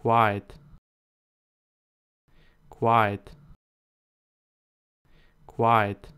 quiet quiet quiet